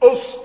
ost.